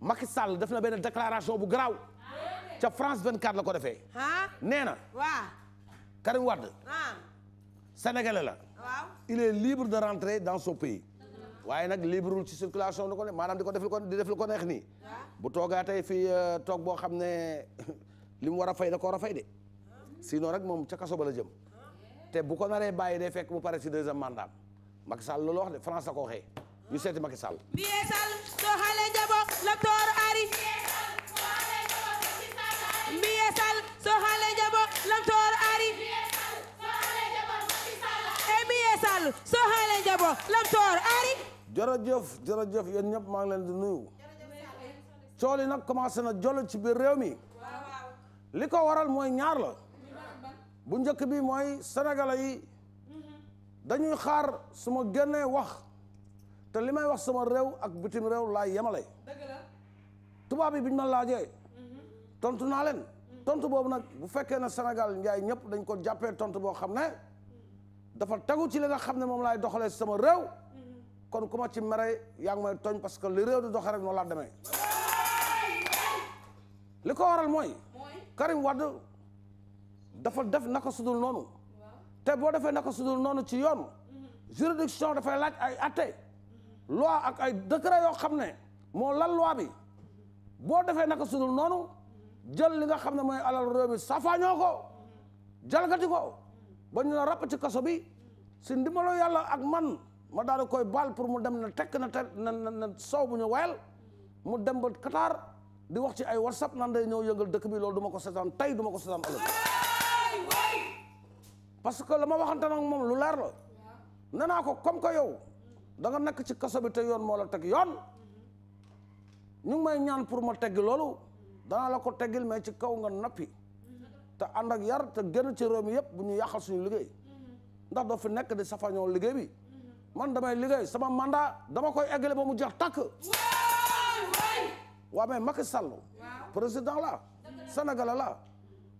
Macky Sall def na benn déclaration bu garaaw ca France 24 la ko defee. nee na. waaw. Karim Wade. Sénégalais la. waaw il est libre de rentrer dans son pays. waaye nag libreul ci circulation di ko ne maanaam di ko def lu ko di def ko neex nii. bu toogaa tey fii euh, toog boo xam ne li mu war a fay da ko war a fay de. sinon rek moom ca kaso ba la jëm. te bu ko naree bàyyi day fekk bu pare ci deuxième mandat Macky Sall loolu wax de France la ko waxee. ñu seeti Macky Sall mbiye sall so hale jaɓo lobtoro ari mbiye sall so hale jaɓo lobtoro ari e ari jërëjëf jërëjëf yéen ñëpp maa ngi leen di nuyu cool nag commencé na jolo ci biir réew mi li ko waral mooy ñaar la bu njëkk bi mooy sénégalais yi dañuy xaar su ma génnee wax te li may wax sama réew ak bitim réew laay yemale. dëgg la. tubaab yi bi ñu ma laajee. tontu naa leen. tontu boobu nag bu fekkee ne Sénégal njaay ñëpp dañ ko jàppee tontu boo xam ne dafa tegu ci li nga xam ne moom laay doxalee sama réew. kon ku ci mere yaa ngi may tooñ parce que li réew di doxee rek noonu laa demee. li ko waral mooy. Karim Wade dafa def naka sudul noonu. te boo defee naka sudul noonu ci yoon. juridiction dafay laaj ay atte. loi ak ay décret yoo xam ne moo lal loi bi boo defee naka sudul noonu jël li nga xam ne mooy alal réew mi safaañoo ko jalgati ko ba ñu la ràpp ci kaso bi si ndimbalu yàlla ak man ma daan di koy baal pour mu dem na tekk na te na na sow bu ñu wayal mu dem ba Qatar di wax ci ay whatsapp nan day ñëw yëngal dëkk bi loolu du ko seetaan tey duma ko seetaan ëllëg parce que la ma waxante moom lu leer la nee naa ko comme que yow da nga nekk ci kaso bi te yoon moo la teg yoon ñu ngi may ñaan pour ma teggi loolu danaa la ko teggil mais ci kaw nga nappi te ànd ak yar te génn ci réew mi yëpp bu ñu yàqal suñu liggéey ndax doo fi nekk di safañoo liggéey bi man damay liggéey sama mandat dama koy eggale ba mu jeex tàkk waa mais Macky Sall président la Sénégalais la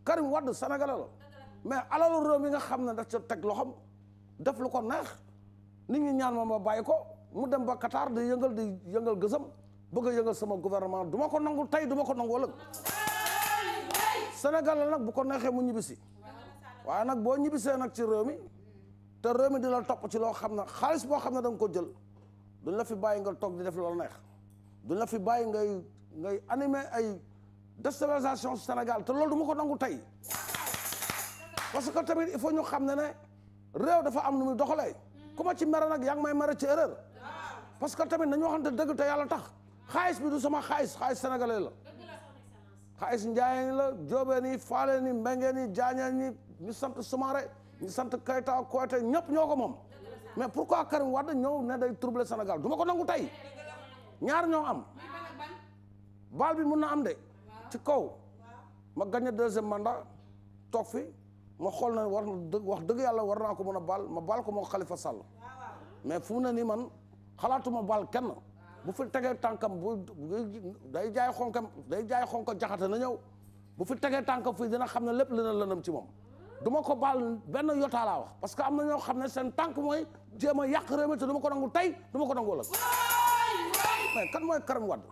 Karim Wade Sénégalais la mais alalu réew mi nga xam ne daf ca teg loxoom def lu ko neex nit ñi ñaan ma ma bàyyi ko mu dem ba Qatar di yëngal di yëngal gësam bëgg a yëngal sama gouvernement duma ko nangul tey duma ko nangu ëllëg Sénégal la nag bu ko neexee mu ñibbisi waaye nag boo ñibbisee nag ci réew mi te réew mi di la topp ci loo xam na xaalis boo xam ne da nga ko jël duñ la bàyyi nga toog di def loolu neex duñ la fi bàyyi ngay ngay animer ay déstabilisation Sénégal te loolu duma ko nangu tey parce que tamit il faut ñu xam ne ne réew dafa am nu muy doxalee ku ma ci mere nag yaa ngi may mere ci erreur parce que tamit na nañu waxante dëgg te yàlla tax xaalis bi du sama xaalis xaalis sénégalais la xaalis njaayeen la joobeen yi faaleen yi mbengeen yi jaañeen yi ñu sant Soumaré ñu sant Keita Kouyaté ñëpp ñoo ko moom mais pour pourquoi Karim Wade ñëw ne day troubler Sénégal du ma ko nangu tey ñaar ñoo am baal bi mun na am de ci kaw ma gagné deuxième mandat toog fi ma xool na war dëgg wax dëgg yàlla war naa ko mën a baal ma baal ko moo Khalifa Sall mais fu mu ne nii man xalaatuma baal kenn bu fi tegee tànkam bu day jaay xonkam day jaay xonko jaxate na ñëw bu fi tegee tànkam fii dina xam ne lépp lëna lënam ci moom du ko baal benn yotaa laa wax parce que am na ñoo xam ne seen tànk mooy jéem a yàq réew mi te du ko nangu tey du ko nangu ëllëg mais kan mooy Karim Wade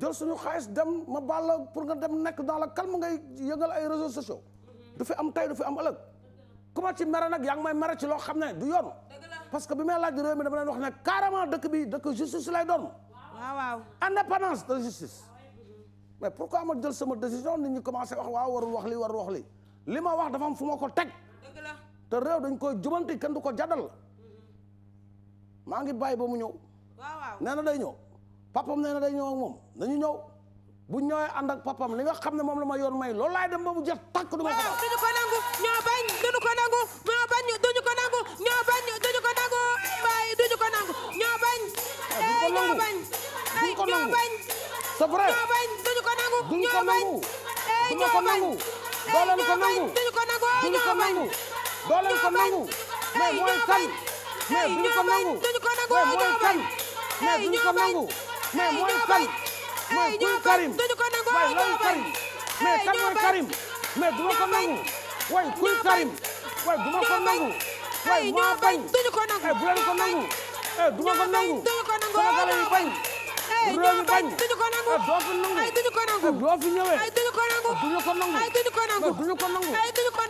jël suñu xaalis dem ma baal la pour nga dem nekk daal la calme ngay yëngal ay réseaux sociaux du fi am tay du fi am ëllëg ku ma ci mere nag yaa ngi may mere ci loo xam ne du yoon parce que bi may laaj réew mi dama leen wax ne carrément dëkk bi dëkk justice lay doon waaw waaw indépendance de justice mais am a jël sama décision nit ñi commencé wax waaw warul wax li warul wax li li ma wax dafa am fu ma ko teg te réew dañ koy jubanti kenn du ko jàddal maa ngi bàyyi ba mu ñëw nee na day ñëw papam nee na day ñëw ak moom nañu ñëw bu ñooy ànd ak papam li nga xam ne moom la ma yoon may loolu laay dem ba mu jot takk du ma ko duñu ko nangu ñoo bañ duñu ko nangu ñoo bañ duñu ko nangu ñoo bañ duñu ko nangu waaye duñu ko nangu ñoo bañ ñoo bañ ñoo bañ c'est vrai ñoo bañ duñu ko nangu duñu ko nangu duñu ko nangu doo leen ko nangu duñu ko nangu duñu ko nangu doo leen ko nangu mais mooy kan mais duñu ko nangu mais mooy kan mais duñu ko nangu mais mooy kan mais kuy Karim waaye loolu Karim mais kan mooy Karim mais du ma ko nangu waaye kuy Karim waaye du ma ko nangu waaye maa bañ eh bu leen ko nangu eh du ma ko nangu Sénégal yi bañ eh, réew mi bañ eh doo fi nangu eh doo fi ñëwee duñu ko nangu eh, duñu ko nangu.